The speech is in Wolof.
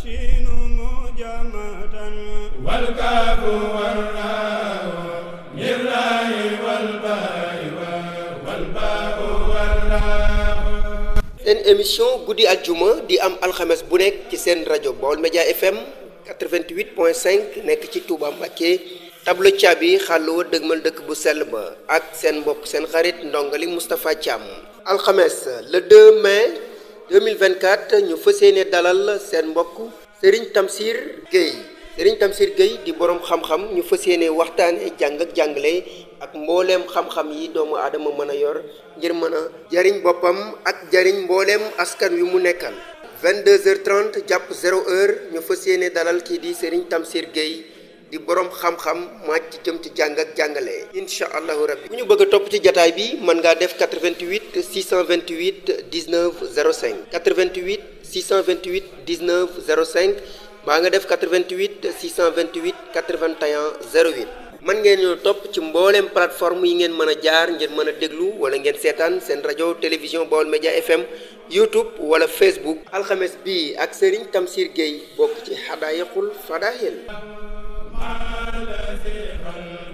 seen émission guddi aljuma di am alxames bu nekk ci seen rajo Baol Média FM 88.5 nekk ci Touba Mbacké tablo bi xàlluwa dëgmal dëkk bu sell ba ak seen mbokk seen xarit ndongali Moustapha Thiam alxames le 2 mai 2024 ñu fas yéene dalal seen mbokk Serigne Tamsir Gueye Serigne Tamsir Gueye di borom xam-xam ñu fas yéene waxtaanee jàng ak jàngale ak mbooleem xam-xam yi doomu aadama mën a yor ngir mën a jariñ boppam ak jariñ mbooleem askan wi mu nekkal 22h30 jàpp 0h ñu fas yéene dalal kii di Serigne Tamsir Gueye di borom xam-xam ci jëm ci jàng ak jàngale. incha allahu rabbi ku ñu bëgg a topp ci jataay bi mën ngaa def 88 628 19 05 88 628 19 05 mbaa nga def 88 628 81 08. mën ngeen ñoo topp ci mbooleem plateforme yi ngeen mën a jaar ngeen mën a déglu wala ngeen seetaan seen rajo télévision Baol Média FM YouTube wala Facebook alxames bi ak Serigne Tamsir Gueye bokk ci Hadayaqul Fadahil ala